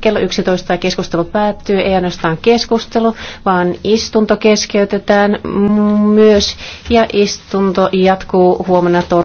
kello 11 ja keskustelu päättyy. Ei ainoastaan keskustelu, vaan istunto keskeytetään myös ja istunto jatkuu huomenna